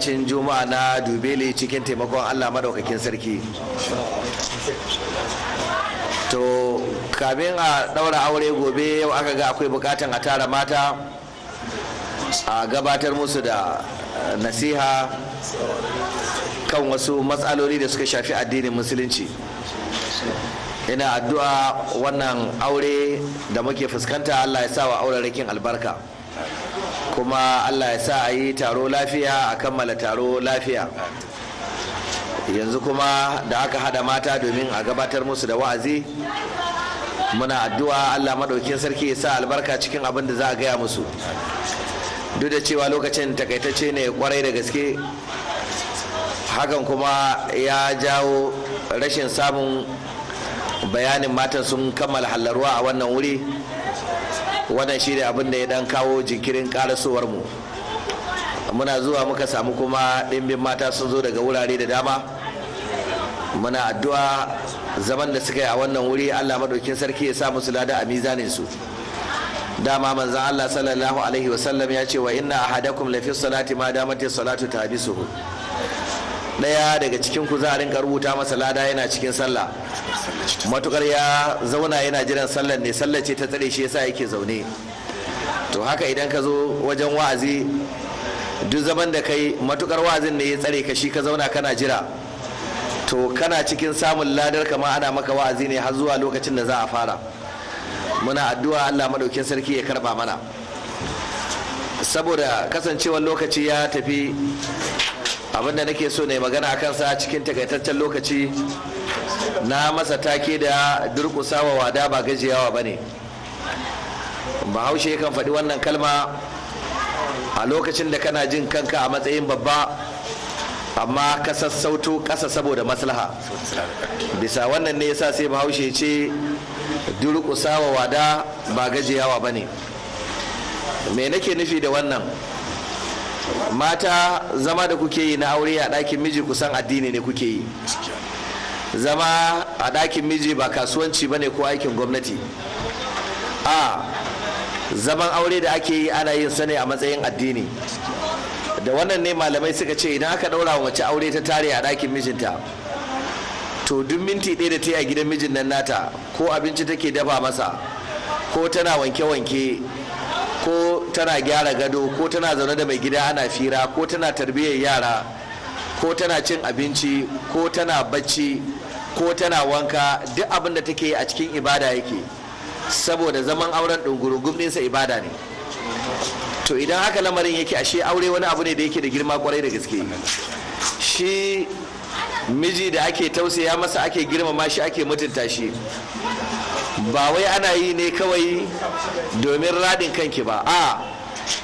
cin juma'a na dubele cikin taimakon allah madaukakin sarki to kamin a daura aure gobe yau aka ga akwai bukatan a tara mata a gabatar musu da eh, nasiha kan wasu matsaloli da suka shafi addinin musulunci ina addu'a wannan aure da muke fuskanta allah ya sa wa rikin albarka kuma allah ya sa a yi taro lafiya a kammala taro lafiya yanzu kuma da aka hada mata domin a gabatar musu da wa'azi muna addu'a allah maɗaukin sarki ya sa albarka cikin abin da za a gaya musu duk da cewa lokacin takaitacce ne kwarai da gaske hakan kuma ya jawo rashin samun bayanin matan sun kammala hallaruwa a wannan wuri wannan shi ne abin da ya dan kawo jinkirin karasowar mu muna zuwa muka samu kuma ɗimbin mata sun zo daga wurare da dama muna addu'a zaman da suka yi a wannan wuri allah maɗaukin sarki ya sa musu lada a mizanin su dama manzan allah sallallahu alaihi wasallam ya ce wa inna ahadakum lafi salati ma damati salatu ta habisuhu daya daga cikin ku za a rinka rubuta masa lada yana cikin sallah matukar ya zauna yana jiran sallar ne sallar ce ta tsare shi yasa yake zaune to haka idan ka zo wajen wa'azi duk zaman da kai matukar wa'azin ne ya tsare ka shi ka zauna kana jira to kana cikin samun ladar kama ana maka wa'azi ne har zuwa lokacin da za a fara muna addu'a Allah maɗaukin sarki ya karba mana saboda kasancewar lokaci ya tafi abin da nake so ne magana a kansa cikin takaitaccen lokaci na masa take da durƙusawa wada ba gajiyawa ba ne bahaushe kan faɗi wannan kalma a lokacin da kana jin kanka a matsayin babba amma ka sassauto ƙasa saboda maslaha bisa wannan ne yasa sai bahaushe ce durƙusawa wada ba gajiyawa ba ne me nake nufi da wannan mata zama da kuke yi na aure a ɗakin miji kusan addini ne kuke yi zama a ɗakin miji ba kasuwanci ba ne ko aikin gwamnati a zaman aure da ake yi ana yin sa ne a matsayin addini da wannan ne malamai suka ce idan aka ɗaura wa mace aure ta tare a ɗakin mijinta to duk minti ɗaya da ta yi a gidan mijin nan nata ko abinci take dafa masa ko tana wanke-wanke ko tana gyara gado ko tana zaune da mai gida ana fira ko tana tarbiyyar yara ko tana cin abinci ko tana bacci ko tana wanka duk abin da take a cikin ibada yake saboda zaman auren ɗungurungun ɗinsa ibada ne to idan haka lamarin yake ashe aure wani abu ne da yake da girma kwarai da gaske shi miji da ake tausaya masa ake girmama shi ake mutunta shi ba wai ana yi ne kawai domin radin kanki ba a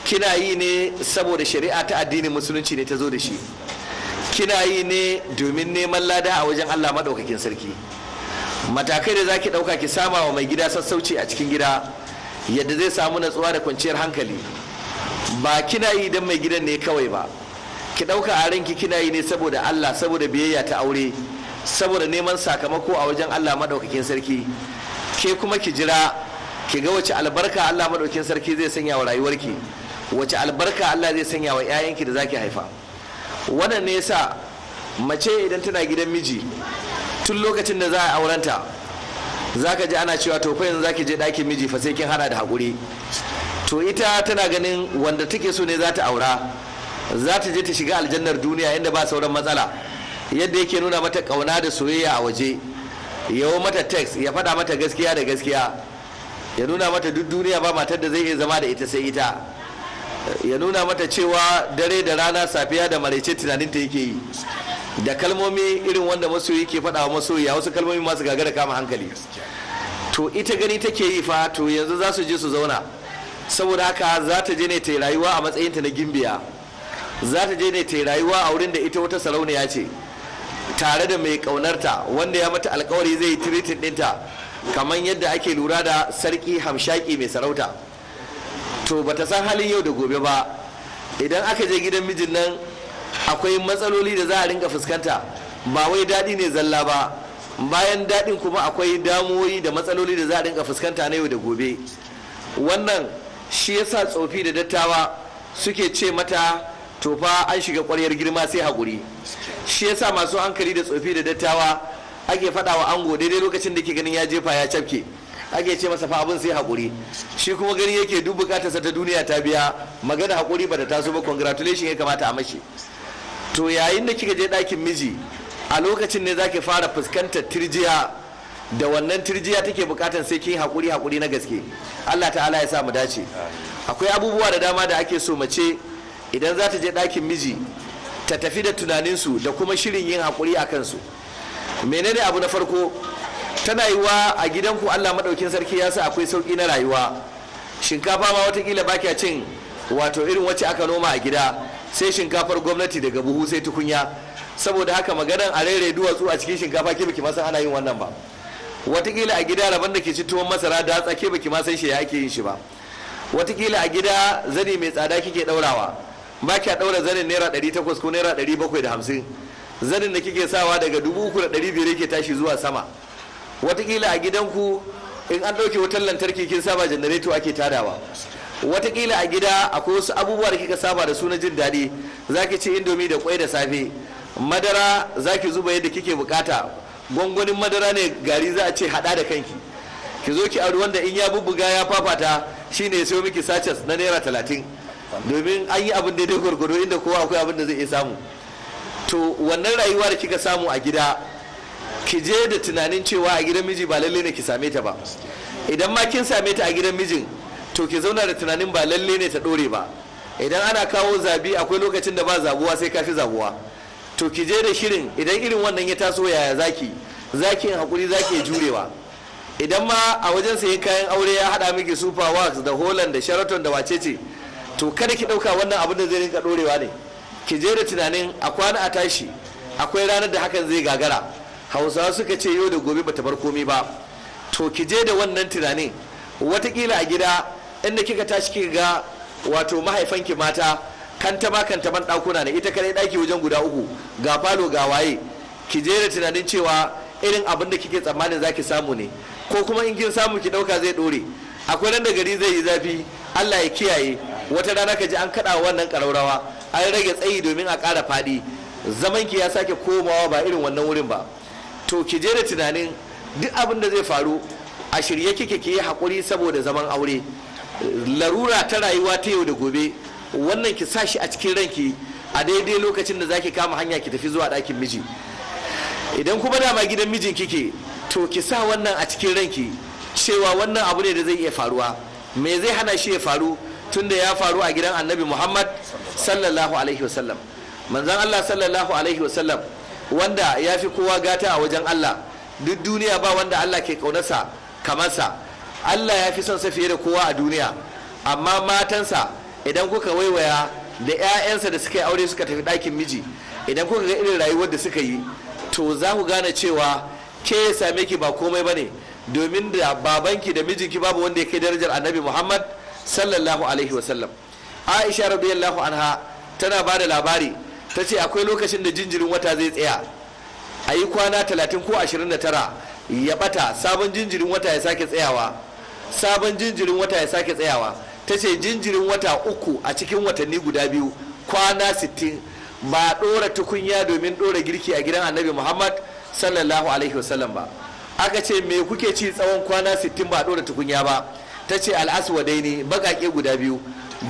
kina yi ne saboda shari'a ta addinin musulunci ne ta zo da shi kina yi ne domin neman lada a wajen allah maɗaukakin sarki matakai da zaki ɗauka ki sama wa mai gida sassauci a cikin gida yadda zai samu natsuwa da kwanciyar hankali ba kina yi don mai gidan ne kawai ba ki ɗauka a ranki kina yi ne saboda allah saboda biyayya ta aure saboda neman sakamako a wajen allah maɗaukakin sarki ke kuma ki jira ki ga wace albarka Allah madaukin sarki zai sanya wa rayuwarki wace albarka Allah zai sanya wa 'ya'yanki da zaki haifa wannan ne yasa mace idan tana gidan miji tun lokacin da za a aurenta zaka ji ana cewa to fa yanzu zaki je ɗakin miji fa sai kin hada da haƙuri to ita tana ganin wanda take so ne za ta aura za ta je ta shiga aljannar duniya inda ba sauran matsala yadda yake nuna mata kauna da soyayya a waje yawo mata text ya faɗa mata gaskiya da gaskiya ya nuna mata duk duniya ba matar da zai iya zama da ita sai ita ya nuna mata cewa dare da rana safiya da maraice tunanin ta yake yi da kalmomi irin wanda masoyi ke faɗa wa masoyiya wasu kalmomi masu gagara kama hankali to ita gani take yi fa to yanzu za su je su zauna saboda haka za ta je ne ta rayuwa a matsayinta na gimbiya za ta je ne ta rayuwa a wurin da ita wata sarauniya ce tare da mai kaunarta wanda ya mata alkawari zai yi tiritin ɗinta kamar yadda ake lura da sarki hamshaki mai sarauta to bata san halin yau da gobe ba idan aka je gidan mijin nan akwai matsaloli da za a rinka fuskanta ba wai daɗi ne zalla ba bayan daɗin kuma akwai damuwoyi da matsaloli da za a rinka fuskanta na yau da gobe wannan shi yasa tsofi da dattawa suke ce mata to fa an shiga kwaryar girma sai hakuri shi yasa masu hankali da tsofi da dattawa ake faɗa wa ango daidai lokacin da ke ganin ya jefa ya cafke ake ce masa fa abin sai hakuri shi kuma gani yake duk bukatarsa ta duniya ta biya magana hakuri ba ta taso ba congratulation ya kamata a mashi to yayin da kika je dakin miji a lokacin ne zaki fara fuskantar tirjiya da wannan tirjiya take bukatar sai kin hakuri hakuri na gaske Allah ta'ala ya sa mu dace akwai abubuwa da dama da ake so mace idan za ta je ɗakin miji ta tafi da tunaninsu da kuma shirin yin haƙuri a kansu menene abu na farko tana wa a gidanku allah maɗaukin sarki ya sa akwai sauƙi na rayuwa shinkafa ma watakila ba kya cin wato irin wacce aka noma a gida sai shinkafar gwamnati daga buhu sai tukunya saboda haka maganan a rere duwatsu a cikin shinkafa ke baki masan ana yin wannan ba watakila a gida rabon da ke ci tuwon masara da hatsa ke baki ma shi ya ake yin shi ba watakila a gida zani mai tsada kike ɗaurawa ba a ɗaura zanin naira 800 ko naira hamsin zanin da kike sawa daga da ɗari biyar yake tashi zuwa sama watakila a gidanku in an ɗauke wutar lantarki kin saba janareto ake tadawa watakila a gida akwai wasu abubuwa da kika saba da su na jin daɗi zaki ki ci indomi da kwai da safe madara zaki zuba yadda kike bukata gwangwanin madara ne gari za a ce haɗa da kanki ki zo ki auri wanda in ya bubbuga ya fafata shine ya sayo miki sachets na naira talatin domin an yi abin daidai gwargwado inda kowa akwai abin da zai iya samu to wannan rayuwa da kika samu a gida ki je da tunanin cewa a gidan miji ba lalle ne ki same ta ba idan ma kin same ta a gidan mijin to ki zauna da tunanin ba lalle ne ta dore ba idan ana kawo zabi akwai lokacin da ba zabuwa sai ka fi zabuwa to ki je da shirin idan irin wannan ya taso yaya zaki zaki hakuri zaki ya jurewa idan ma a wajen sayan kayan aure ya hada miki super wax da holland da sharaton da wacece to kada ki ɗauka wannan abin da zai rinka dorewa ne ki je da tunanin a kwana a tashi akwai ranar da hakan zai gagara hausawa suka ce yau da gobe bata bar komi ba to ki je da wannan tunanin watakila a gida inda kika tashi kika ga wato mahaifanki mata ta ma kanta ban ɗakuna ne ita kadai daki wajen guda uku ga falo ga waye ki je da tunanin cewa irin abin da kike tsammanin zaki samu ne ko kuma in kin samu ki ɗauka zai dore. akwai nan da gari zai yi zafi allah ya kiyaye wata rana ka ji an kaɗa wannan ƙaraurawa an rage tsayi domin a ƙara faɗi zaman ki ya sake komawa ba irin wannan wurin ba to ki je da tunanin duk abin da zai faru a shirye kike ki yi haƙuri saboda zaman aure larura ta rayuwa ta yau da gobe wannan ki sa shi a cikin ranki a daidai lokacin da zaki kama hanya ki tafi zuwa ɗakin miji idan kuma dama gidan mijin kike to ki sa wannan a cikin ranki cewa wannan abu ne da zai iya faruwa me zai hana shi ya faru tunda ya faru a gidan annabi muhammad sallallahu alaihi wasallam manzan allah sallallahu alaihi wasallam wanda ya fi kowa gata a wajen allah duk duniya ba wanda allah ke kaunarsa kamarsa allah ya fi son sa fiye da kowa a duniya amma matansa idan kuka waiwaya da 'ya'yansa da suka yi aure suka tafi ɗakin miji idan kuka ga irin rayuwar da suka yi to za ku gane cewa ke ya same ki ba komai ba ne domin da babanki da mijinki babu wanda ya kai darajar annabi muhammad sallallahu alaihi wasallam aisha radiyallahu anha tana ba da labari ta ce akwai lokacin da jinjirin wata zai tsaya a yi kwana 30 ko tara ya bata sabon jinjirin wata ya sake tsayawa sabon jinjirin wata ya sake tsayawa ta ce jinjirin wata uku a cikin watanni guda biyu kwana sittin, ba ɗora tukunya domin ɗora girki a gidan annabi muhammad sallallahu alaihi wasallam ba aka ce me kuke ci tsawon kwana sittin ba a ɗora tukunya ba ta ce al'aswadai ne baƙaƙe guda biyu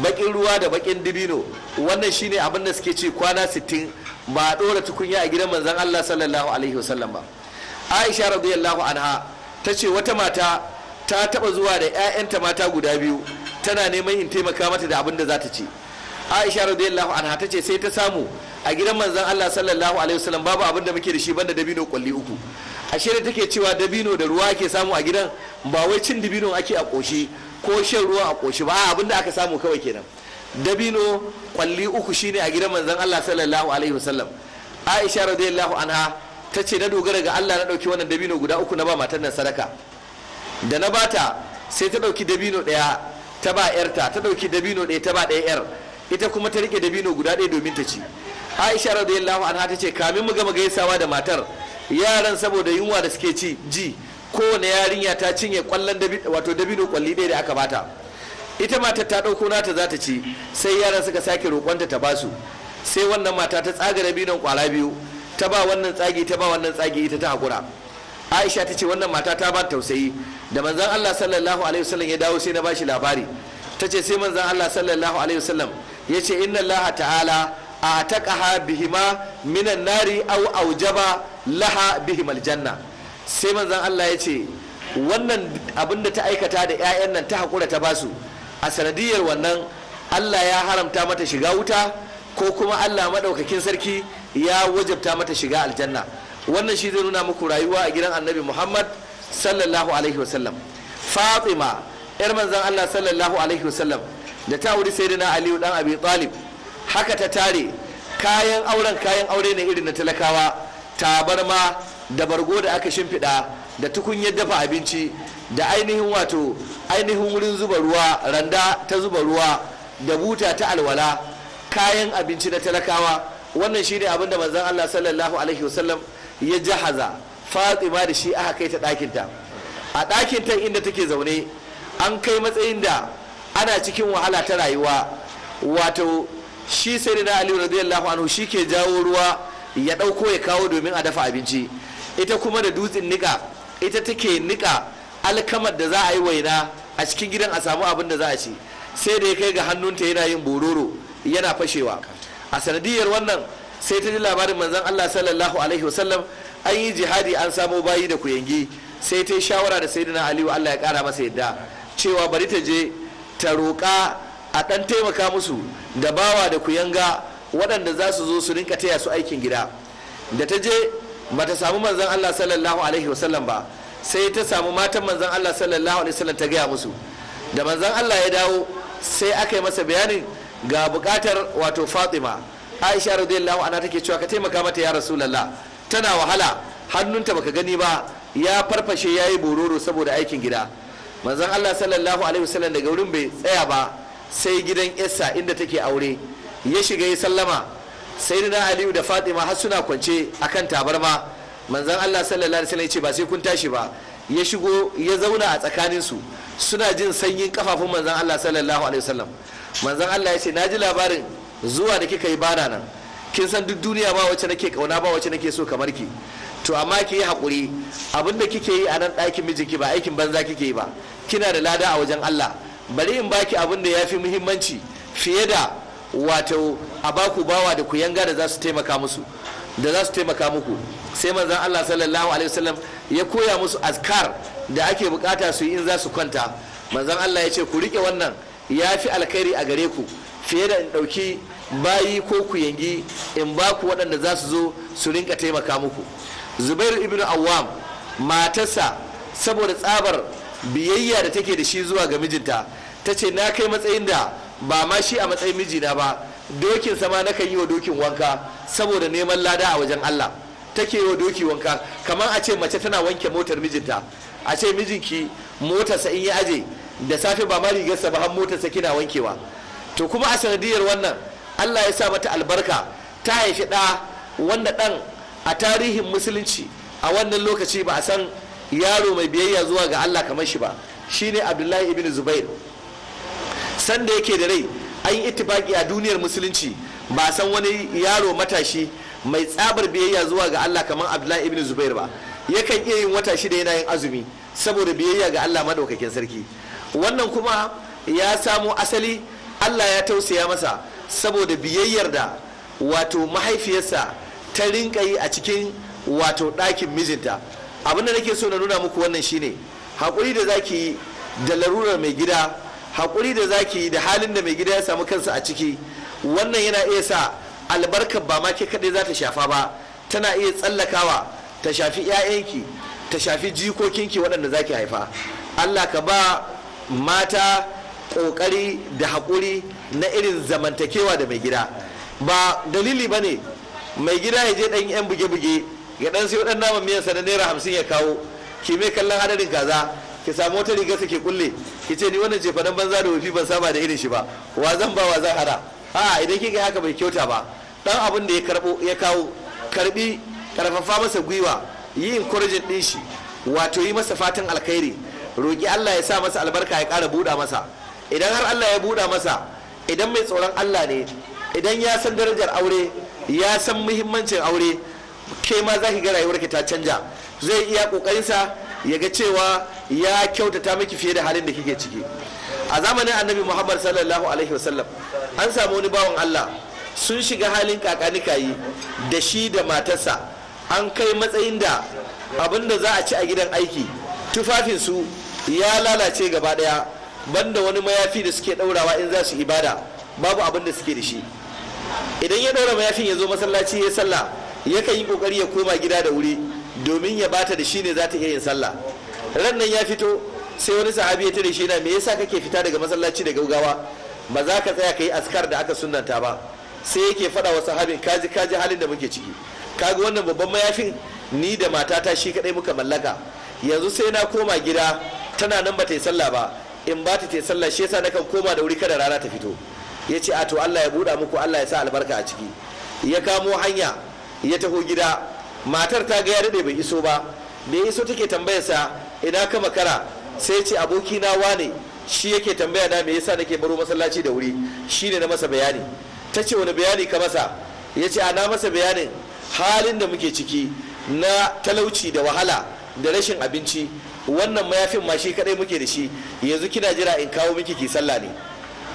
baƙin ruwa da baƙin dibino wannan shine abin da suke ce kwana sittin ba a ɗora tukunya a gidan manzon Allah sallallahu alaihi wasallam ba Aisha radiyallahu anha ta ce wata mata ta taɓa zuwa da 'ya'yanta mata guda biyu tana neman in taimaka mata da abin da za ta ci Aisha radiyallahu anha ta ce sai ta samu a gidan manzon Allah sallallahu alaihi wasallam babu abin da muke da shi banda dabino kulli uku ashe da take cewa dabino da ruwa ake samu a gidan ba wai cin dabino ake a koshi ko shan ruwa a koshi ba abinda aka samu kawai kenan dabino kwalli uku shine a gidan manzon Allah sallallahu alaihi wasallam Aisha radiyallahu anha ta na dogara ga Allah na dauki wannan dabino guda uku na ba matar nan sadaka da na bata sai ta dauki dabino daya ta ba yarta ta dauki dabino daya ta ba daya yar ita kuma ta rike dabino guda daya domin ta ci Aisha radiyallahu anha ta ce kamin mu gama gaisawa da matar yaran saboda yunwa da suke ci ji kowane yarinya ta cinye kwallon wato dabino kwalli ɗaya da aka bata ita mata ta ɗauko nata za ta ci sai yaran suka sake roƙonta ta basu sai wannan mata ta tsaga dabinon kwala biyu ta ba wannan tsagi ta ba wannan tsagi ita ta haƙura aisha ta ce wannan mata ta ba tausayi da manzan allah sallallahu alaihi wasallam ya dawo sai na bashi labari ta ce sai manzan allah sallallahu alaihi wasallam ya ce inna allah ta'ala a ƙaha bihima minan nari au aujaba laha bihimal janna sai manzan Allah ya ce wannan abinda ta aikata da 'ya'yan nan ta hakura ta basu a sanadiyar wannan Allah ya haramta mata shiga wuta ko kuma Allah maɗaukakin sarki ya wajabta mata shiga aljanna wannan shi zai nuna muku rayuwa a gidan annabi Muhammad sallallahu alaihi wasallam Fatima yar manzan Allah sallallahu alaihi wasallam da ta wuri sayyidina Aliyu dan Abi Talib haka ta tare kayan auren kayan aure ne irin na talakawa tabarma da bargo da aka shimfiɗa da tukunyar dafa abinci da ainihin wato ainihin wurin zuba ruwa randa ta zuba ruwa da buta ta alwala kayan abinci na talakawa wannan shi ne abinda manzan Allah sallallahu alaihi wasallam ya jahaza fatima da shi aka kai ta ɗakinta a ɗakinta inda take zaune an kai matsayin da ana cikin wahala ta rayuwa wato shi sai na aliyu radiyallahu anhu shi ke jawo ruwa ya ɗauko ya kawo domin a dafa abinci ita kuma da dutsen nika ita take nika alkamar da za a yi waina a cikin gidan a samu abin da za a ci sai da ya kai ga hannunta yana yin bororo yana fashewa a sanadiyar wannan sai ta ji labarin manzon Allah sallallahu alaihi wasallam an yi jihadi an samo bayi da kuyangi sai ta yi shawara da sayyidina Aliyu Allah ya kara masa yadda cewa bari ta je ta roƙa a ɗan taimaka musu da bawa da kuyanga waɗanda za su zo su rinka taya su aikin gida da ta je ba ta samu manzan Allah sallallahu alaihi wasallam ba sai ta samu matan manzan Allah sallallahu alaihi wasallam ta gaya musu da manzan Allah ya dawo sai aka yi masa bayanin ga buƙatar wato Fatima Aisha radiyallahu anha take cewa ka taimaka mata ya rasu Rasulullah tana wahala hannunta baka gani ba ya farfashe yayi bororo saboda aikin gida manzan Allah sallallahu alaihi wasallam daga wurin bai tsaya ba sai gidan yassa inda take aure ya shiga ya sallama sai na aliyu da fatima har suna kwance akan tabarma manzan allah sallallahu alaihi wasallam ya ce ba sai kun tashi ba ya shigo ya zauna a tsakanin su suna jin sanyin kafafun manzan allah sallallahu alaihi wasallam manzan allah ya ce na ji labarin zuwa da kika yi bana nan kin san duk duniya ba wacce nake kauna ba wacce nake so kamar ki to amma ki yi hakuri abinda kike yi a nan ɗakin mijinki ba aikin banza kike yi ba kina da lada a wajen allah bari in baki abin da ya fi muhimmanci fiye da wato a baku bawa da ku yanga da za su taimaka musu da za su taimaka muku sai manzan Allah sallallahu alaihi wasallam ya koya musu azkar da ake bukata su yi in za su kwanta manzan Allah ya ce ku rike wannan ya fi alkhairi a gare ku fiye da in ɗauki bayi ko ku yangi in baku waɗanda za su zo su rinka taimaka muku zubair ibn awam matarsa saboda tsabar biyayya da take da shi zuwa ga mijinta ta ce na kai matsayin da ba ma shi a matsayin mijina ba dokin sama na kan yi wa dokin wanka saboda neman lada a wajen Allah take yi wa doki wanka kamar a ce mace tana wanke motar mijinta a ce mijinki motarsa in ya aje da safe ba ma rigarsa ba har motarsa kina wankewa to kuma a sanadiyar wannan Allah ya sa mata albarka ta haifi da wanda ɗan a tarihin musulunci a wannan lokaci ba a san yaro mai biyayya zuwa ga Allah kamar shi ba shine Abdullahi ibn Zubair sanda yake da rai an yi ittifaki a duniyar musulunci ba san wani yaro matashi mai tsabar biyayya zuwa ga Allah kamar Abdullahi ibn Zubair ba yakan iya yin wata shida yana yin azumi saboda biyayya ga Allah madaukakin sarki wannan kuma ya samo asali Allah ya tausaya masa saboda biyayyar da wato mahaifiyarsa ta rinka yi a cikin wato ɗakin mijinta abin da nake so na nuna muku wannan shine hakuri da zaki yi da larurar mai gida haƙuri da zaki da halin da mai gida ya samu kansa a ciki wannan yana iya sa albarkar ba ma ke kaɗai za ta shafa ba tana iya tsallakawa ta shafi 'ya'yanki ta shafi jikokinki waɗanda zaki haifa allah ka ba mata ƙoƙari da haƙuri na irin zamantakewa da mai gida ba dalili ba ne mai gida ya je ɗan 'yan buge-buge ya ɗan sai waɗannan naman miyansa na naira hamsin ya kawo ki mai kallon adadin kaza ki samu wata riga ki kulle ki ce ni wannan jefanen banza da wafi ban saba da irin shi ba wa zan ba wa zan hada a idan kika haka bai kyauta ba dan abin da ya karbo ya kawo karbi karfafa masa gwiwa yi encouraging din shi wato yi masa fatan alkhairi roki Allah ya sa masa albarka ya kara buda masa idan har Allah ya buda masa idan mai tsoron Allah ne idan ya san darajar aure ya san muhimmancin aure kai ma za ki ga rayuwarki ta canja zai iya kokarinsa ya ga cewa ya kyautata miki fiye da halin da kike ciki a zamanin annabi muhammad sallallahu alaihi wasallam an samu wani bawan allah sun shiga halin kakanikayi da shi da matarsa an kai matsayin da abin da za a ci a gidan aiki tufafinsu ya lalace gaba daya banda wani mayafi da suke daurawa in za su ibada babu abin da suke da shi idan ya daura mayafin ya zo masallaci ya sallah yakan yi kokari ya koma gida da wuri domin ya bata da shi ne za ta iya yin sallah ran nan ya fito sai wani sahabi ya tare shi na me yasa kake fita daga masallaci da gaugawa ba za ka tsaya ka yi askar da aka sunnanta ba sai yake faɗa wa sahabin kaji kaji halin da muke ciki kaga wannan babban mayafin ni da matata shi kadai muka mallaka yanzu sai na koma gida tana nan ba ta yi sallah ba in ba ta yi sallah shi yasa nakan koma da wuri kada rana ta fito ya ce a to Allah ya buɗa muku Allah ya sa albarka a ciki ya kamo hanya ya taho gida matar ta ga ya daɗe bai iso ba da iso take tambayar sa ina ka makara sai ce abokina wane shi yake tambaya na me yasa nake baro masallaci da wuri shine na masa bayani ta ce wani bayani ka masa ya ce ana masa bayanin halin da muke ciki na talauci da wahala da rashin abinci wannan mayafin ma shi kadai muke da shi yanzu kina jira in kawo miki ki sallah ne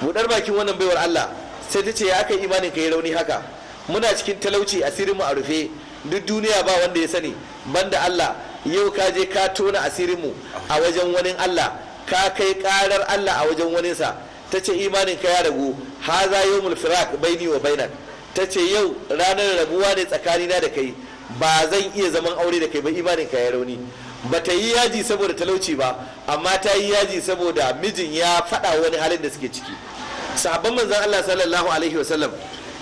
Mu buɗar bakin wannan baiwar Allah sai ta ce ya aka imanin ka yi rauni haka muna cikin talauci asirin mu a rufe duk duniya ba wanda ya sani banda Allah yau ka je ka tona asirinmu a wajen wani Allah ka kai karar Allah a wajen waninsa ta ce imanin ka ya ragu haza yawmul firaq baini wa bainak ta ce yau ranar rabuwa ne tsakani na da kai ba zan iya zaman aure da kai ba imanin ka ya rauni ba ta yi yaji saboda talauci ba amma ta yi yaji saboda mijin ya faɗa wani halin da suke ciki sahabban manzon Allah sallallahu alaihi wasallam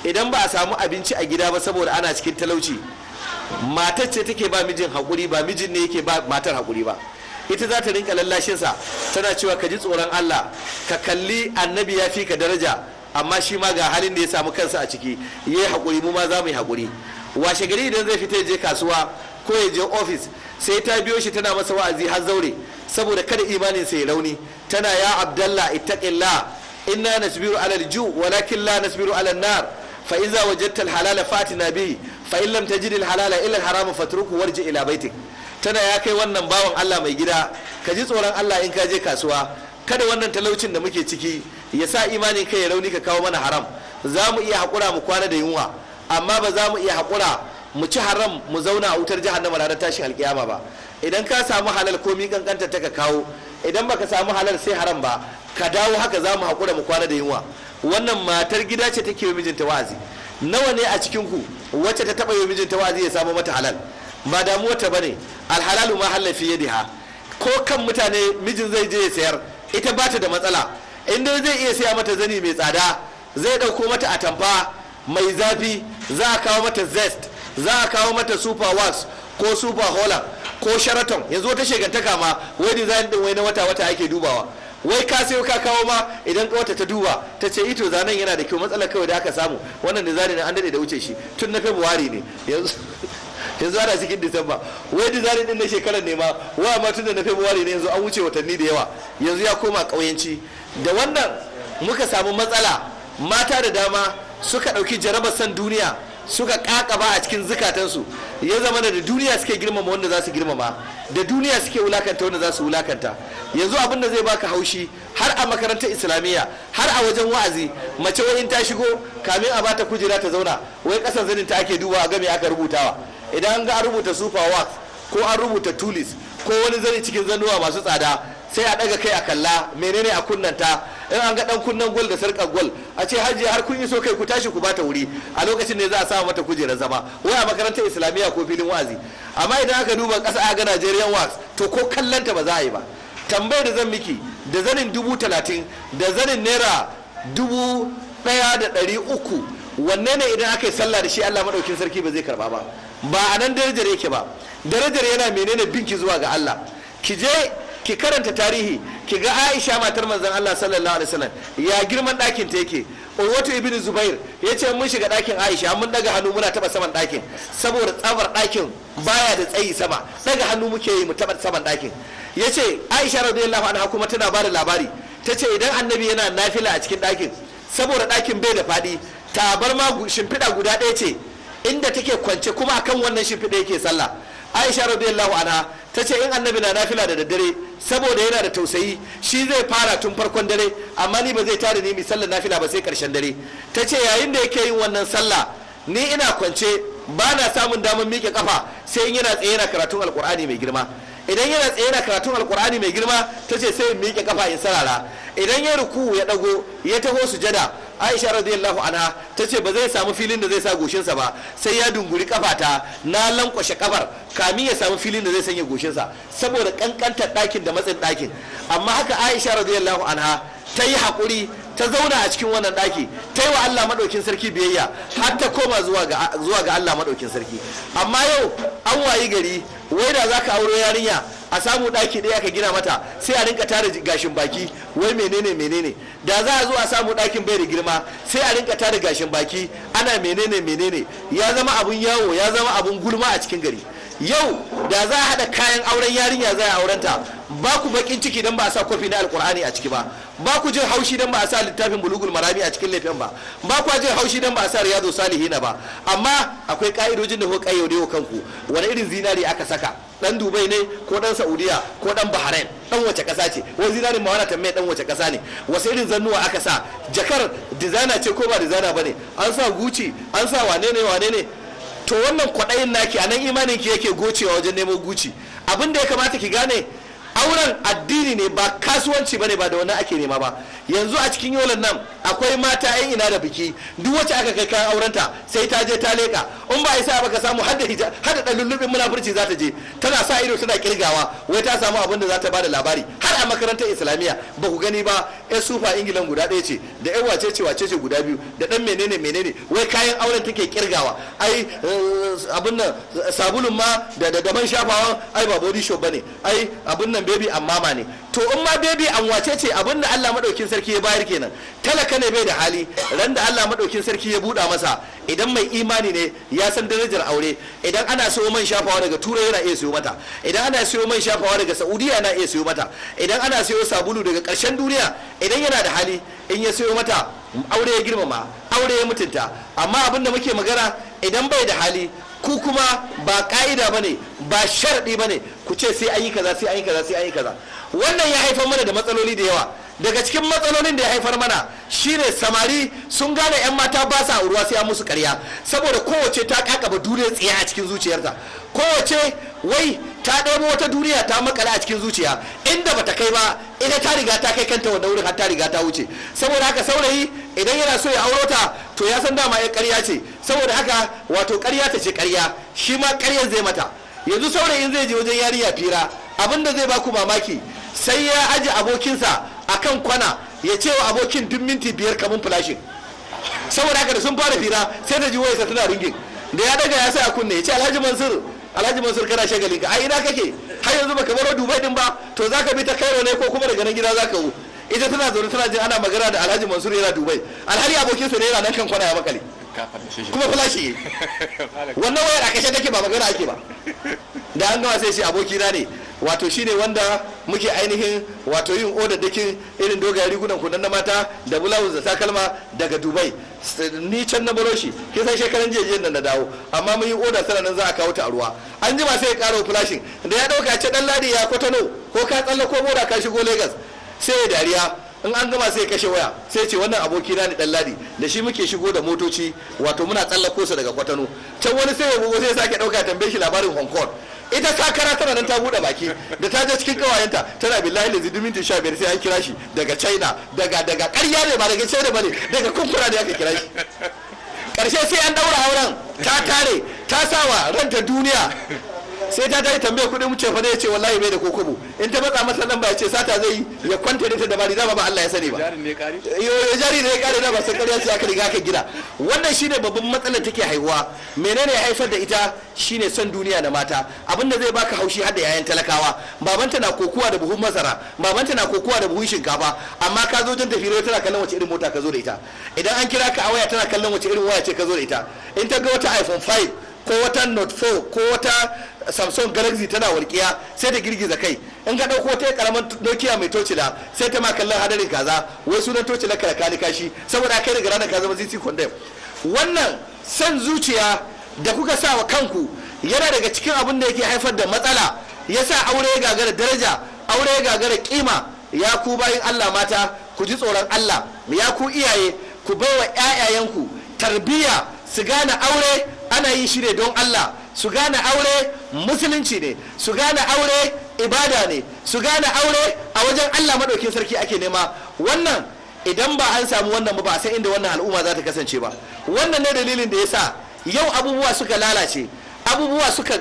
idan ba a samu abinci a gida ba saboda ana cikin talauci matar ce take ba mijin hakuri ba mijin ne yake ba matar hakuri ba ita za ta rinka lallashinsa tana cewa ka ji tsoron Allah ka kalli annabi ya fi ka daraja amma shi ma ga halin da ya samu kansa a ciki yayi hakuri mu ma za mu yi hakuri washe gari idan zai fita je kasuwa ko ya je ofis sai ta biyo shi tana masa wa'azi har zaure saboda kada imanin sa ya rauni tana ya abdallah ittaqillah inna nasbiru alal ju walakin la nasbiru alal nar fa iza wajadta halala fatina bi fa in lam tajid halala illa harama fatruku warji ila baitik tana ya kai wannan bawan Allah mai gida ka ji tsoron Allah in ka je kasuwa kada wannan talaucin da muke ciki ya sa imanin kai ya rauni ka kawo mana haram za mu iya haƙura mu kwana da yunwa amma ba za mu iya haƙura mu ci haram mu zauna a wutar jahannama ranar tashin alkiyama ba idan ka samu halal komi kankanta ta ka kawo idan baka samu halal sai haram ba ka dawo haka za mu haƙura mu kwana da yunwa wannan matar gida ce take yi mijinta wa'azi nawa ne a cikin ku wacce ta taɓa yi mijinta wa'azi ya samu mata halal ba damuwa ta bane alhalalu ma ya yadiha ko kan mutane mijin zai je ya sayar ita ba ta da matsala inda zai iya saya mata zani mai tsada zai ɗauko mata atamfa mai zafi za a kawo mata zest za a kawo mata super wax ko super holland ko sharaton yanzu wata shegantaka ma wai design din wai na wata wata ake dubawa wai ka sayo ka kawo ma idan kawata ta duba ta ce ito zanen yana da kyau matsalar kawai da aka samu wannan design ne an dade da wuce shi tun na february ne yanzu yanzu ana cikin disamba wai design din na shekarar ne ma wa ma tun da na february ne yanzu an wuce watanni da yawa yanzu ya koma kauyanci da wannan muka samu matsala mata da dama suka ɗauki jarabar san duniya suka kakaba a cikin zukatansu ya zama da duniya suke girmama wanda za su girmama da duniya suke wulakanta wanda za su wulakanta yanzu abin da zai baka haushi har a makarantar islamiyya har a wajen wa'azi mace in ta shigo kamin a bata kujera ta zauna wai kasan zanin ta ake duba ga me aka rubutawa idan an ga an rubuta super wax ko an rubuta tulis ko wani zani cikin zanuwa masu tsada sai a daga kai a kalla menene a kunnanta in an ga dan kunnan gol da sarkar gol a ce hajji har kun iso kai ku tashi ku bata wuri a lokacin ne za a sa mata kujerar zama wai a makarantar islamiyya ko filin wazi amma idan aka duba kasa ga Nigerian wax to ko kallanta ba za a yi ba tambayar da zan miki da zanin dubu talatin da zanin naira dubu daya da ɗari uku wanne ne idan aka yi sallah da shi Allah madaukin sarki ba zai karba ba ba a nan darajar yake ba darajar yana menene binki zuwa ga Allah ki je ki karanta tarihi ki ga aisha matar manzon allah sallallahu alaihi wasallam ya girman ɗakin ta yake urwatu ibn zubair ya ce mun shiga ɗakin aisha mun daga hannu muna taɓa saman ɗakin saboda tsabar ɗakin baya da tsayi sama daga hannu muke yi mu taɓa saman ɗakin ya ce aisha radiyallahu anha kuma tana ba da labari ta ce idan annabi yana nafila a cikin ɗakin saboda ɗakin bai da faɗi tabarma shimfiɗa guda ɗaya ce inda take kwance kuma akan wannan shimfiɗa yake sallah aisha radiyallahu anha ta ce in annabi na nafila da daddare saboda yana da tausayi shi zai fara tun farkon dare amma ni ba zai tare ni sallar nafila ba sai karshen dare ta ce yayin da yake yin wannan sallah ni ina kwance ba na samun damar miƙe kafa sai in yana tsaye yana karatun alkur'ani mai girma idan yana tsaye yana karatun alkur'ani mai girma ta ce sai in miƙe kafa in sarara idan ya ruku ya ɗago ya taho sujada aisha radiyallahu anha ta ce ba zai samu filin da zai sa goshinsa ba sai ya dunguri ta na lankwashe kafar kamin ya samu filin da zai sanya goshinsa saboda kankantar ɗakin da matsin ɗakin amma haka aisha radiyallahu anha ta yi haƙuri ta zauna a cikin wannan ɗaki ta yi wa Allah maɗaukin sarki biyayya har ta koma zuwa ga Allah maɗaukin sarki amma yau an wayi gari wai da za ka aure yarinya a samu ɗaki ɗaya ka gina mata sai a rinka tara gashin baki wai menene menene da za a zo a samu ɗakin bai da girma sai a rinka tara gashin baki ana menene menene ya zama abun yawo ya zama abun gulma a cikin gari yau da za a haɗa kayan auren yarinya za a aurenta ba ku bakin ciki don ba a sa kofi na alkur'ani a ciki ba ba ku jin haushi don ba a sa littafin bulugul marami a cikin laifin ba ba ku jin haushi don ba a sa riyadu salihina ba amma akwai ka'idojin da ku kayyade kanku wani irin zinari aka saka dan dubai ne ko dan saudiya ko dan bahrain dan wace kasa ce wani zinarin ma wani mai dan wace kasa ne wasu irin zannuwa aka sa jakar dizana ce ko ba dizana bane an sa guci an sa wane ne wane ne to wannan kwaɗayin naki a nan imanin ki yake gocewa wajen neman guci abin da ya kamata ki gane auren addini ne ba kasuwanci bane ba da wannan ake nema ba yanzu a cikin yolan nan akwai mata yan ina da biki duk wacce aka kai kayan aurenta sai ta je ta leka in ba isa baka samu hada hija hada da lullubin munafurci za ta je tana sa ido tana kirgawa wai ta samu abin da za ta bada labari har a makarantar islamiyya ba ku gani ba yan sufa ingilan guda ɗaya ce da yan wace ce wace ce guda biyu da dan menene menene wai kayan auren take kirgawa ai eh, abin nan sabulun ma da da man shafawan ai ba body shop bane ai abin nan bebi an mama ne to in ma bebi an wace ce abin da Allah madaukin sarki ya bayar kenan talaka ne bai da hali ran da Allah madaukin sarki ya buɗa masa idan mai imani ne ya san darajar aure idan ana siyo man shafawa daga turai yana iya siyo mata idan ana siyo man shafawa daga saudiya yana iya siyo mata idan ana siyo sabulu daga karshen duniya idan yana da hali in ya siyo mata aure ya girmama aure ya mutunta amma abin da muke magana idan bai da hali ku kuma ba ƙa'ida ba ne ba sharɗi ba ne ku ce sai an yi kaza sai an yi kaza sai an yi kaza wannan ya haifar mana da matsaloli da yawa daga cikin matsalolin da ya haifar mana shine samari sun gane 'yan mata ba sa ruwa sai an musu karya saboda kowace ta kakaba duniyar tsiya a cikin zuciyarta kowace wai ta ɗebo wata duniya ta makala a cikin zuciya inda bata kai ba ita ta riga ta kai kanta wanda wurin har ta riga ta wuce saboda haka saurayi idan yana so ya auro ta to ya san dama ya karya ce saboda haka wato karya ta ce karya shi ma karyar zai mata yanzu saurayin zai je wajen yariya fira abinda zai baku mamaki sai ya aji abokinsa akan kwana ya ce wa abokin duk minti biyar kamun filashin saboda haka da sun fara fira sai ta ji wayarsa tana ringin da ya daga ya sa a kunne ya ce alhaji mansur alhaji mansur kana shagali ka ai ina kake har yanzu baka baro dubai din ba to zaka bi ta kairo ne ko kuma daga nan gida zaka wu ita tana zaune tana jin ana magana da alhaji mansur yana dubai alhali abokinsa ne yana nan kan kwana ya makale kuma flashi wannan wayar a kashe take ba magana ake ba da an gama sai shi na ne wato shine wanda muke ainihin wato yin oda dakin irin dogayen rigunan kudan na mata da bulawus da takalma daga dubai ni can na baro shi san shekaran jiya jiya na dawo amma mun yi oda sana nan za a kawo ta a ruwa an jima sai ya karo flashing da ya dauka ce dan ladi ya kwatano ko ka ko boda ka shigo lagos sai ya dariya in an gama sai ya kashe waya sai ce wannan aboki na ne dan ladi da shi muke shigo da motoci wato muna tsallako su daga kwatano can wani sai ya bugo sai ya sake dauka tambaye shi labarin hong kong ita sakara tana nan ta bude baki da ta je cikin kawayenta tana billahi da zidumin ta sha biyar sai an kira shi daga china daga daga karya ne ba daga china da ne daga kumfura da aka kira shi karshe sai an daura auren ta tare ta sawa ranta duniya sai ta yi tambaya kuɗin ce fa zai ce wallahi bai da kokobo in ta matsa masa lamba ya ce sata zai ya kwanta da ta dabari dama ba Allah ya sani ba jarin ne kare yo jari ne kare da ba sai kariya sai aka riga aka gida wannan shine babban matsalar take haihuwa menene ya haifar da ita shine son duniya da mata da zai baka haushi har da yayan talakawa babanta na kokuwa da buhun masara babanta na kokuwa da buhun shinkafa amma ka zo jin tafiya tana kallon wace irin mota ka zo da ita idan an kira ka a waya tana kallon wace irin waya ce ka zo da ita in ta ga wata iPhone 5 ko wata note 4 ko wata samsung galaxy tana walƙiya sai ta girgiza kai in ka ɗauko ta ƙaramin nokia mai tocila sai ta ma kallon hadarin kaza wai sunan tocila ka kani kashi saboda kai daga ranar kaza mazi zai condemn wannan san zuciya da kuka sa wa kanku yana daga cikin abin da yake haifar da matsala ya sa aure ya gagara daraja aure ya gagara kima ya ku bayin allah mata ku ji tsoron allah ya ku iyaye ku bai wa 'ya'yayenku tarbiyya su gane aure ana yin shi ne don Allah su gane aure musulunci ne su gane aure ibada ne su gane aure a wajen Allah maɗaukin sarki ake nema wannan idan ba an samu wannan ba ba san inda wannan al'umma za ta kasance ba wannan ne dalilin da ya sa yau abubuwa suka lalace abubuwa suka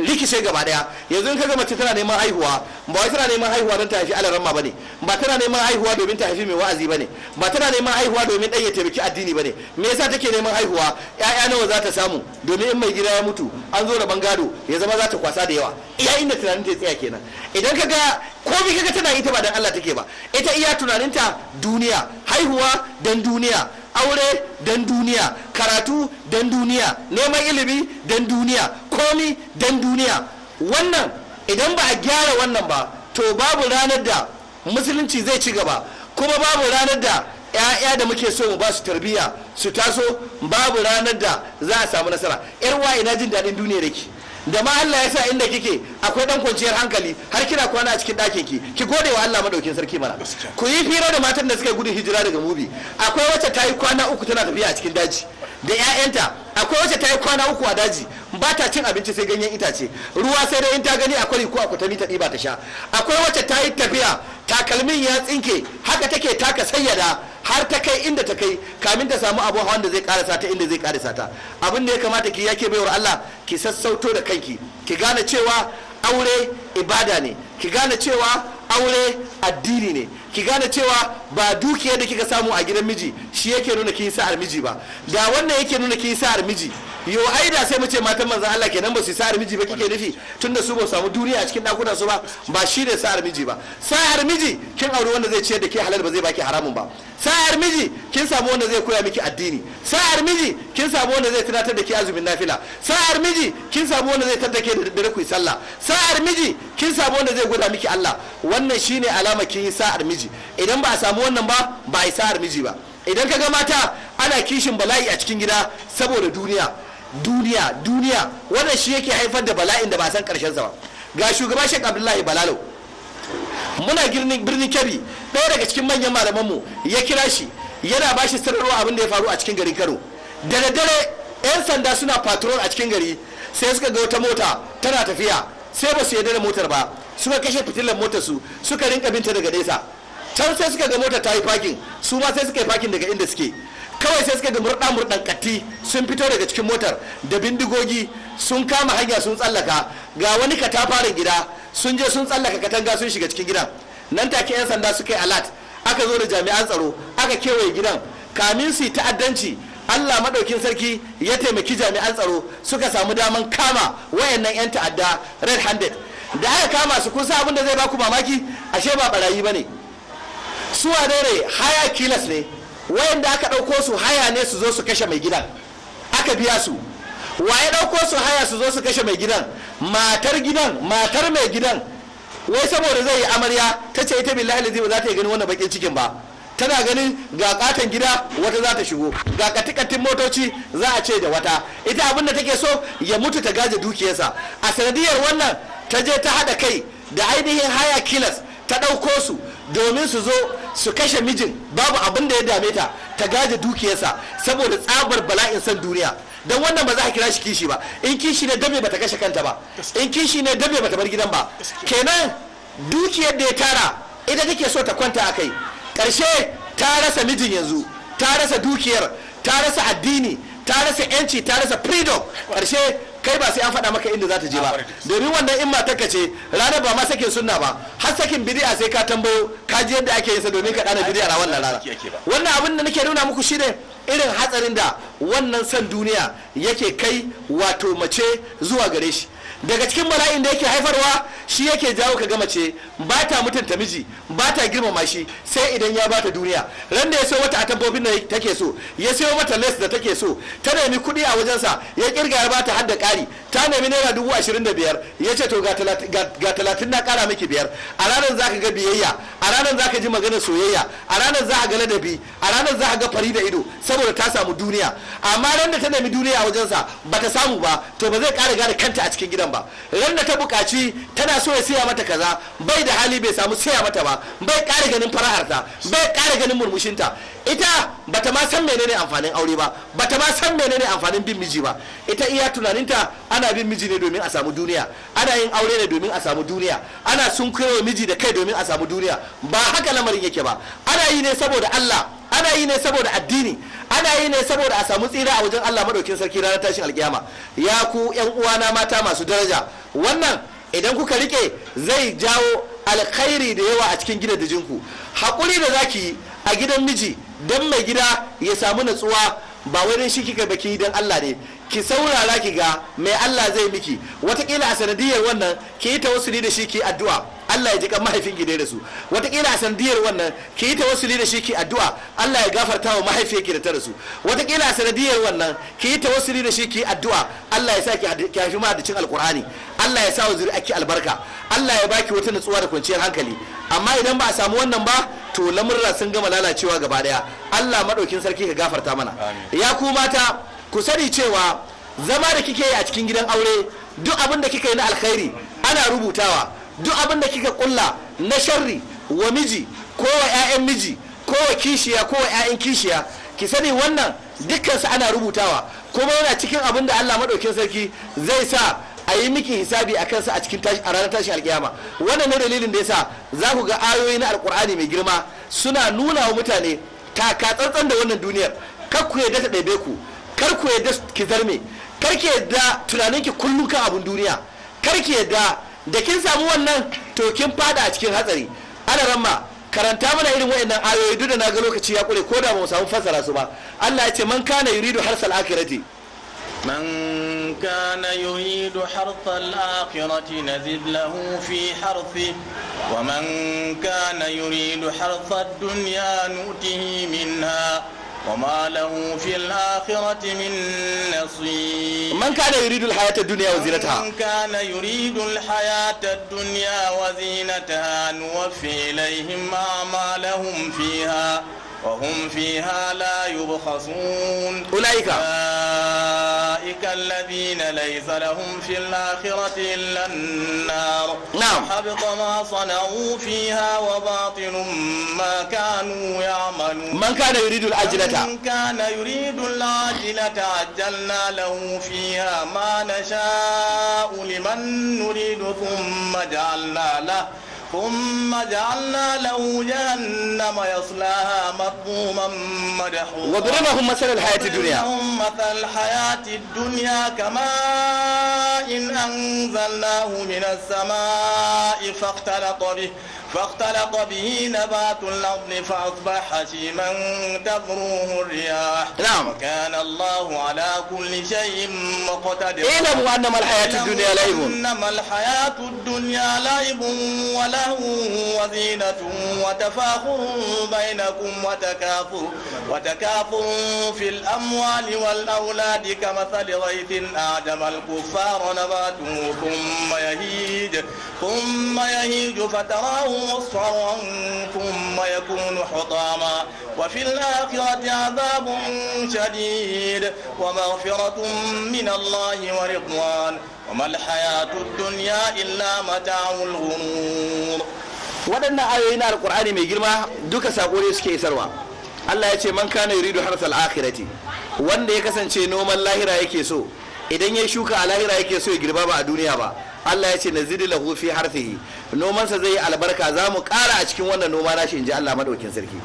rikice gaba daya yanzu in kaga mace tana neman haihuwa ba wai tana neman haihuwa don ta haifi alaramma bane ba tana neman haihuwa domin ta haifi mai wa'azi bane ba tana neman haihuwa domin dan ya taimaki addini bane me yasa take neman haihuwa ƴaƴa nawa za ta samu domin in mai gida ya mutu an zo da gado ya zama za ta kwasa da yawa iya inda tunanin ta tsaya kenan idan kaga ko bi kaga tana ita ba dan Allah take ba ita iya tunaninta duniya haihuwa dan duniya aure dan duniya karatu dan duniya neman ilimi dan duniya komi dan duniya wannan idan ba a gyara wannan ba to babu ranar da musulunci zai ci gaba kuma babu ranar da 'ya'ya da muke so mu ba su tarbiyya su taso babu ranar da za a samu nasara 'yar wa ina jin daɗin duniya da ke da ma Allah ya sa inda kike akwai dan kwanciyar hankali har kina kwana a cikin ɗakin ki ki gode wa Allah madaukin sarki mana ku yi hira da matan da suka gudu hijira daga mubi akwai wacce ta yi kwana uku tana tafiya a cikin daji da 'ya'yanta akwai wacce ta yi kwana uku a daji ba ta cin abinci sai ganyen itace ruwa sai dai in ta gani akwai ko a kwatami ta ɗiba ta sha akwai wacce ta yi tafiya takalmin ya tsinke haka take taka sayyada har ta kai inda ta kai kamin ta samu abu hawan da zai karasa ta inda zai karasa ta abin da ya kamata ki yake baiwar Allah ki sassauto da kanki ki gane cewa aure ibada ne ki gane cewa aure addini ne ki gane cewa ba dukiyar da kika samu a gidan miji shi yake nuna kin sa'ar miji ba da wannan yake nuna kin sa'ar miji yo ai da sai mu ce matan manzon Allah kenan ba su sa'ar miji ba kike nufi tunda su ba samu duniya a cikin dakunan su ba ba shi ne sa'ar miji ba sa'ar miji kin aure wanda zai ciyar da ke halal ba zai baki haramun ba sa'ar miji kin samu wanda zai koya miki addini sa'ar miji kin samu wanda zai tunatar da ke azumin nafila sa'ar miji kin samu wanda zai tattake da dare ku sallah sa'ar miji kin samu wanda zai gwada miki Allah wannan shine alama kin yi sa'ar miji idan ba a samu wannan ba ba a yi sa'ar miji ba idan ka ga mata ana kishin bala'i a cikin gida saboda duniya duniya duniya wannan shi yake haifar da bala'in da ba san karshen sa ba ga shugaba shek Abdullahi Balalo muna girnin birnin Kebbi ɗaya daga cikin manyan malaman mu ya kira shi yana ba shi sanarwa abin da ya faru a cikin garin Kano da daddare yan sanda suna patrol a cikin gari sai suka ga wata mota tana tafiya sai ba su yarda da motar ba suka kashe fitilar motar su suka rinka binta daga nesa can sai suka ga motar ta yi fakin su ma sai suka yi fakin daga inda suke kawai sai suka ga murɗa murɗan katti sun fito daga cikin motar da bindigogi sun kama hanya sun tsallaka ga wani katafaren gida sun je sun tsallaka katanga sun shiga cikin gidan nan take 'yan sanda suka yi alat aka zo da jami'an tsaro aka kewaye gidan kamin su ta'addanci allah maɗaukin sarki ya taimaki jami'an tsaro suka samu daman kama wayannan 'yan ta'adda red handed da aka kama su kun san abin da zai baku mamaki ashe ba barayi ba ne su wane ne haya kilas ne wayanda aka ɗauko su haya ne su zo su kashe mai gidan aka biya su Wa ya ɗauko su haya su zo su kashe mai gidan matar gidan matar mai gidan wai saboda zai yi amarya ta ce ita billahi lazi ba za ta yi ganin wannan bakin cikin ba tana ganin ga katon gida wata za ta shigo ga katikatin motoci za a ce da wata ita abinda da take so ya mutu ta gaje dukiyarsa a sanadiyar wannan ta je ta haɗa kai da ainihin haya kilas ta ɗauko su domin su zo su kashe mijin babu abin da ya dame ta ta gaje dukiyarsa saboda tsabar bala'in san duniya don wannan ba za a kira shi kishi ba in kishi ne dame bata kashe kanta ba in kishi ne dame bata bar gidan ba kenan dukiyar da ya tara ita take so ta kwanta a kai ƙarshe ta rasa mijin yanzu ta rasa dukiyar ta rasa addini ta rasa yanci ta rasa freedom ƙarshe kai ba sai an faɗa maka inda za ta je ba domin wannan in matar ka ce ranar ba ma sakin sunna ba har sakin bidi'a sai ka tambayo ka ji yadda ake yin sa domin ka dana bidi'a a wannan rana wannan abin da nake nuna muku shine irin hatsarin da wannan san duniya yake kai wato mace zuwa gare shi daga cikin bala'in da yake haifarwa shi yake jawo ka gama ce ba ta mutunta miji ba ta girmama shi sai idan ya bata duniya ran da ya sayo wata atabbobin da take so ya sayo mata les da take so ta nemi kuɗi a wajensa ya kirga ya bata har da ƙari ta nemi naira dubu ashirin da biyar ya ce to ga talatin na ƙara miki biyar a ranar za ka ga biyayya a ranar za ka ji magana soyayya a ranar za a ga ladabi a ranar za a ga fari da ido saboda ta samu duniya amma ran da ta nemi duniya a wajensa ba ta samu ba to ba zai kara gane kanta a cikin gidan ba ran da ta bukaci tana so ya siya mata kaza bai da hali bai samu siya mata ba bai kara ganin fara'arta bai kara ganin murmushinta ita bata ma san menene amfanin aure ba bata ma san menene amfanin bin miji ba ita iya tunaninta ana bin miji ne domin a samu duniya ana yin aure ne domin a samu duniya ana sun miji da kai domin a samu duniya ba haka lamarin yake ba ana yi ne saboda Allah ana yi ne saboda addini ana yi ne saboda a samu tsira a wajen Allah madaukin sarki ranar tashin alkiyama ya ku yan uwana mata masu daraja wannan idan kuka rike zai jawo alkhairi da yawa a cikin gidajenku hakuri da zaki yi a gidan miji don mai gida ya samu natsuwa ba wani shi kika baki dan Allah ne ki saurara ki ga mai Allah zai miki watakila a sanadiyar wannan ki yi ta tawassuli da shi ki addu'a Allah ya ji kan mahaifin ki da su wataƙila a sanadiyar wannan ki yi tawassuli da shi ki addu'a Allah ya gafarta wa ki da ta rasu wataƙila a sanadiyar wannan ki yi tawassuli da shi ki addu'a Allah ya sa ki haifi ma da cin alkur'ani Allah ya sa wa ki albarka Allah ya baki wata nutsuwa da kwanciyar hankali amma idan ba a samu wannan ba to lamurra sun gama lalacewa gaba daya Allah maɗaukin sarki ka gafarta mana ya ku mata ku sani cewa zama da kike yi a cikin gidan aure duk abin da kika yi na alkhairi ana rubutawa duk abin da kika kulla na sharri wa miji ko wa 'ya'yan miji ko wa kishiya ko wa 'ya'yan kishiya ki sani wannan dukkansu ana rubutawa kuma yana cikin abin da Allah maɗaukin sarki zai sa a yi miki hisabi a kansa a cikin a ranar tashin alkiyama wannan ne dalilin da yasa za ku ga ayoyi na alkur'ani mai girma suna nuna wa mutane taka tsantsan da wannan duniyar kar ku yadda ta ɗabe ku kar ku yadda ki zarme kar ki yadda tunaninki kullum kan abin duniya kar ki yadda da kin samu wannan to kin fada a cikin hatsari ana ramma karanta mana irin wa'annan ayoyi duk da na ga lokaci ya kure ko da ba mu samu fassara su ba Allah ya ce man kana yuridu harsal akhirati kana yuridu harsal akhirati nazid lahu fi harfi wa man kana yuridu حرث dunya nutihi minha وما له في الآخرة من نصيب من كان يريد الحياة الدنيا وزينتها من كان يريد الحياة الدنيا وزينتها نوفي إليهم أعمالهم فيها وهم فيها لا يبخسون أولئك أولئك الذين ليس لهم في الآخرة إلا النار نعم حبط ما صنعوا فيها وباطل ما كانوا يعملون من كان يريد العاجلة من كان يريد العاجلة عجلنا له فيها ما نشاء لمن نريد ثم جعلنا له ثم جعلنا له جهنم يصلاها مطموما مدحورا وضربهم مثل الحياة الدنيا وضربهم مثل الحياة الدنيا كماء إن أنزلناه من السماء فاختلط به فاختلط به نبات الأرض فأصبح هشيما تذروه الرياح نعم وكان الله على كل شيء مقتدرا إيه نبو أنما الحياة الدنيا لعب إنما الحياة الدنيا لعب وله وزينة وتفاخر بينكم وتكافر وتكافر في الأموال والأولاد كمثل غيث أعجب الكفار نباته ثم يهيج ثم يهيج فتراه مصفرا ثم يكون حطاما وفي الآخرة عذاب شديد ومغفرة من الله ورضوان وما الحياة الدنيا إلا متاع الغرور waɗannan ayoyi na alkur'ani mai girma duka saƙo ne suke isarwa Allah ya ce man kana yuridu harsal akhirati wanda ya kasance noman lahira yake so idan ya shuka a lahira yake so ya girba ba a duniya ba Allah ya ce na zidi lahu fi harfihi nomansa zai yi albarka za mu kara a cikin wannan noma nashi in ji Allah madaukin sarki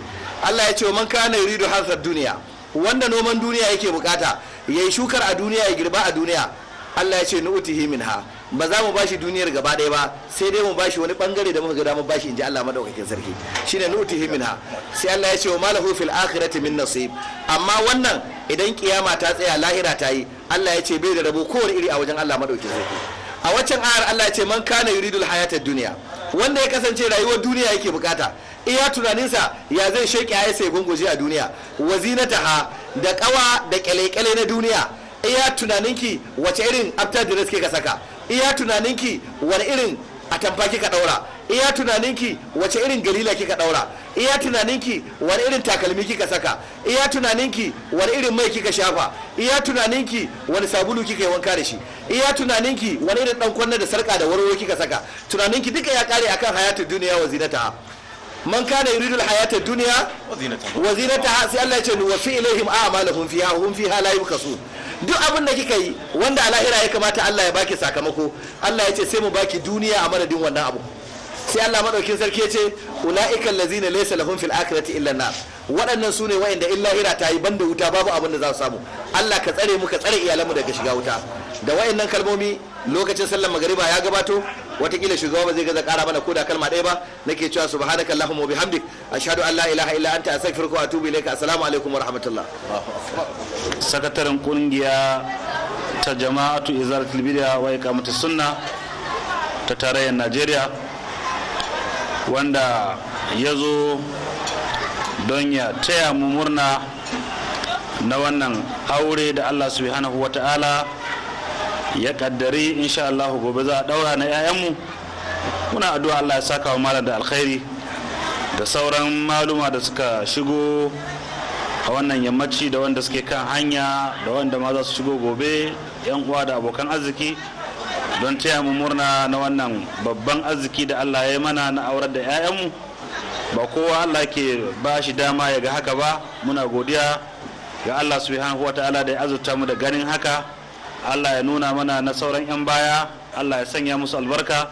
Allah ya ce man kana yuridu harsar duniya wanda noman duniya yake bukata ya yi shukar a duniya ya girba a duniya Allah ya ce na utihi ha, ba za mu bashi duniyar gaba ɗaya ba sai dai mu bashi wani bangare da muka ga mu bashi in ji Allah madaukakin sarki shine na utihi minha sai Allah ya ce wa malahu fil akhirati min nasib amma wannan idan kiyama ta tsaya lahira ta yi Allah ya ce bai da rabo kowane iri a wajen Allah madaukakin sarki a waccan ayar Allah ya ce man kana yuridul hayatad duniya wanda ya kasance rayuwar duniya yake bukata iya tunaninsa ya zai sheki ya sai gunguje a duniya ha da kawa da kyale-kyale na duniya iya tunaninki wace irin after dress ka saka iya tunaninki wani irin atamfa ka daura iya tunaninki wace irin galila kika daura iya tunaninki wani irin takalmi kika saka iya tunaninki wani irin mai kika shafa iya tunaninki wani sabulu kika yi wanka da shi iya tunaninki wani irin dan kwanna da sarka da warwaro kika saka tunaninki duka ya kare akan hayatul duniya wa zinata man kana yuridul alhayata dunya wa zinataha sai Allah ya ce fi ilaihim a'malahum fiha hum fiha la yubkasun duk abin da kika yi wanda a lahira ya kamata Allah ya baki sakamako Allah ya ce sai mu baki duniya a madadin wannan abu sai Allah madaukin sarki ya ce ula'ika allazina laysa lahum fil akhirati illa nar waɗannan sune waɗanda illa hira ta yi banda wuta babu abin da za su samu Allah ka tsare mu ka tsare iyalanmu daga shiga wuta da waɗannan kalmomi lokacin sallar magariba ya gabato watakila shugaba ba zai gaza kara mana koda kalma ɗaya ba nake cewa subhanaka allahumma wa bihamdik ashhadu an la ilaha illa anta astaghfiruka wa atubu ilayka assalamu alaikum wa rahmatullah sakataren kungiya ta jama'atu izaratul bid'a wa iqamatus sunna ta tarayyar Najeriya wanda ya zo don ya taya mu murna na wannan aure da allah subhanahu wa ta'ala ya kaddari insha Allah gobe za a daura na 'ya'yanmu muna addu'a Allah ya saka wa malam da alkhairi da sauran maluma da suka shigo a wannan yammaci da wanda suke kan hanya da wanda ma za su shigo gobe yan uwa da abokan arziki don taya mu murna na wannan babban arziki da Allah ya mana na aurar da 'ya'yanmu ba kowa Allah ke ba shi dama ya ga haka ba muna godiya ga Allah subhanahu wa ta'ala da ya azurta mu da ganin haka Allah ya nuna mana na sauran 'yan baya Allah ya sanya musu albarka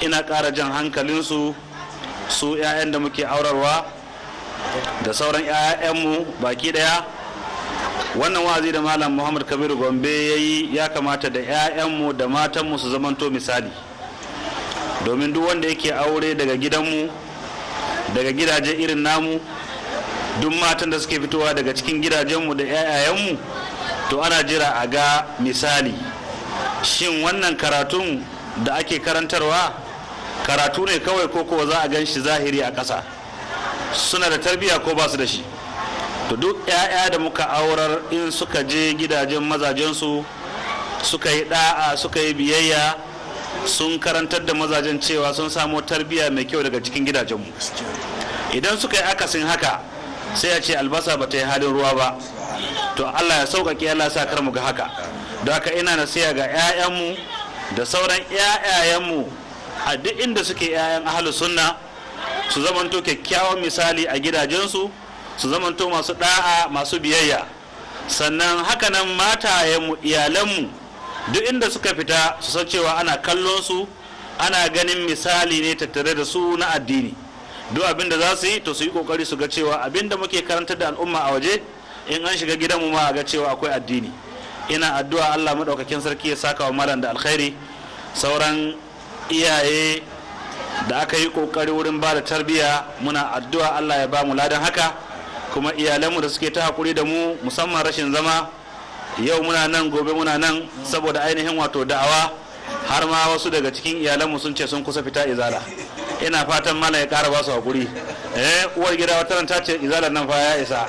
ina ƙara jan hankalinsu su 'ya'yan da muke aurarwa da sauran 'ya'yanmu baki ɗaya wannan wa'azi da malam muhammad kabiru gombe ya yi ya kamata da 'ya'yanmu da matanmu su zamanto misali domin duk wanda yake aure daga gidanmu daga gidajen irin namu duk matan da suke fitowa daga cikin gidajenmu da 'ya'yayenmu to ana jira a ga misali shin wannan karatun da ake karantarwa karatu ne kawai ko kuwa za a gan shi zahiri a ƙasa suna da tarbiyya ko ba su da shi to duk 'ya'ya da muka aurar in suka je gidajen mazajensu suka yi da'a suka yi biyayya sun karantar da mazajen cewa sun samo tarbiyya mai kyau daga cikin gidajenmu idan suka yi akasin haka sai a ce albasa ba ta yi halin ruwa ba to allah ya sauƙaƙe allah sa kar mu ga haka don haka ina nasiya ga 'ya'yanmu da sauran 'ya'yayenmu a duk inda suke 'ya'yan ahalusunna sunna su zamanto kyakkyawan misali a gidajensu su zamanto masu ɗa'a masu biyayya sannan hakanan matayenmu iyalanmu duk inda suka fita su san cewa ana kallon su ana ganin misali ne tattare da su na addini duk abin da za su yi to su yi kokari su ga cewa abin da muke karantar da al'umma a waje in an shiga gidanmu ma a ga cewa akwai addini ina addu'a Allah madaukakin sarki ya saka wa malam da alkhairi sauran iyaye da aka yi kokari wurin ba da tarbiyya muna addu'a Allah ya ba mu ladan haka kuma iyalanmu da suke ta hakuri da mu musamman rashin zama yau muna nan gobe muna nan saboda ainihin wato da'awa har ma wasu daga cikin iyalanmu sun ce sun kusa fita izala ina fatan mana ya kara basu hakuri eh uwar gida wata ta ce izalar nan fa ya isa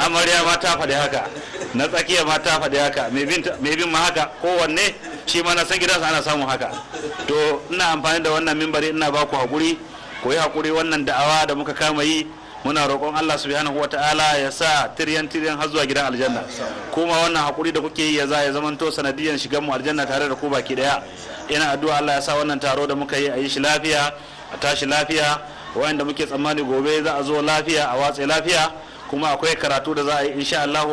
amarya ma ta faɗi haka na tsakiya ma ta faɗi haka mai bin ma haka kowanne shi ma na san gidansa ana samun haka to ina amfani da wannan mimbari ina ba ku hakuri ku yi hakuri wannan da'awa da muka kama yi muna roƙon Allah subhanahu ta'ala ya sa tiryan tiryan har zuwa gidan aljanna kuma wannan hakuri da kuke yi ya za ya zamanto sanadiyan shigan mu aljanna tare da ku baki daya ina addu'a Allah ya sa wannan taro da muka yi a yi shi lafiya a tashi lafiya wayanda muke tsammani gobe za a zo lafiya a watse lafiya kuma akwai karatu da za a yi insha Allah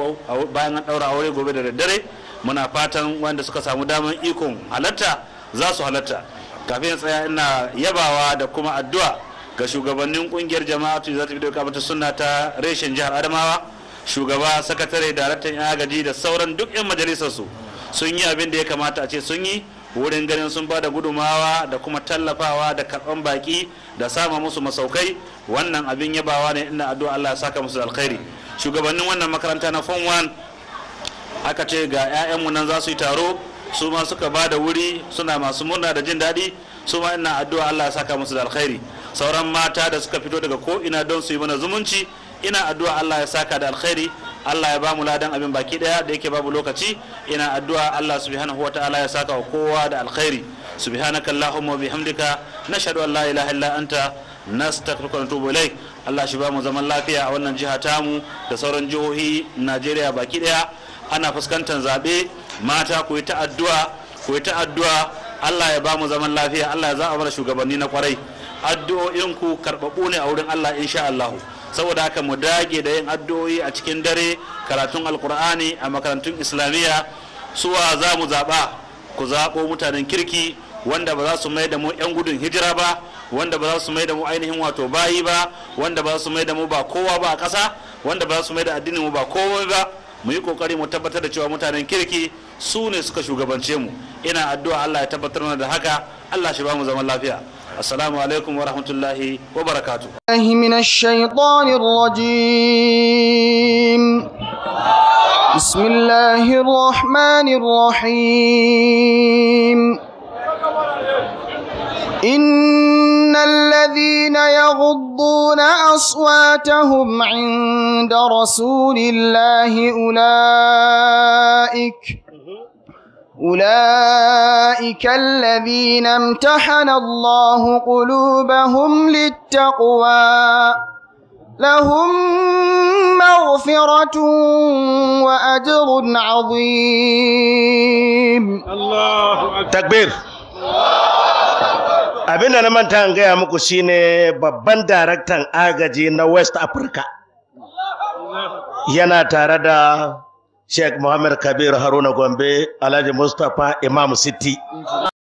bayan an daura aure gobe da daddare muna fatan wanda suka samu damar ikon halatta za su halatta kafin tsaya ina yabawa da kuma addu'a ga shugabannin kungiyar jama'a za ta bi doka ta suna ta reshen jihar adamawa shugaba sakatare daraktan yan agaji da sauran duk yan majalisarsu sun yi abin da ya kamata a ce sun yi wurin ganin sun bada gudumawa da kuma tallafawa da karban baki da sama musu masaukai wannan abin yabawa ne ina addu'a Allah ya saka musu alkhairi shugabannin wannan makaranta na form 1 aka ce ga 'ya'yanmu nan za su yi taro su ma suka ba da wuri suna masu murna da jin daɗi su ma ina addu'a Allah ya saka musu da alkhairi sauran mata da suka fito daga ko ina don su yi mana zumunci ina addu'a Allah ya saka da alkhairi Allah ya bamu ladan abin baki daya da yake babu lokaci ina addu'a Allah subhanahu wa ta'ala ya saka wa kowa da alkhairi subhanaka allahumma wa bihamdika nashhadu an la ilaha illa anta nastaghfiruka wa natubu ilayk Allah shi bamu zaman lafiya a wannan jiha tamu da sauran jihohi Najeriya baki daya ana fuskantar zabe mata ku yi ta addu'a ku yi ta addu'a Allah ya bamu zaman lafiya Allah ya za'a mana shugabanni na kwarai addu'o'inku karɓaɓɓu ne a wurin Allah insha Allah saboda haka mu dage da yin addu'o'i a cikin dare karatun alkur'ani a makarantun islamiyya suwa za mu zaɓa ku zaɓo mutanen kirki wanda ba za su mai da mu 'yan gudun hijira ba wanda ba za su mai da mu ainihin wato bayi ba wanda ba za su mai da mu ba kowa ba a ƙasa wanda ba za su mai da addinin mu ba kowa ba mu yi kokari mu tabbatar da cewa mutanen kirki su ne suka shugabance mu ina addu'a Allah ya tabbatar mana da haka Allah shi ba mu zaman lafiya السلام عليكم ورحمة الله وبركاته من الشيطان الرجيم بسم الله الرحمن الرحيم إن الذين يغضون أصواتهم عند رسول الله أولئك أولئك الذين امتحن الله قلوبهم للتقوى لهم مغفرة وأجر عظيم الله أكبر تكبير أبينا نمان تانغي أمكو سيني ببان داركتان آغا جينا ويست أبركا ينا تاردا Sheikh Muhammad Kabir Haruna Gombe, Alhaji Mustafa Imam Siti.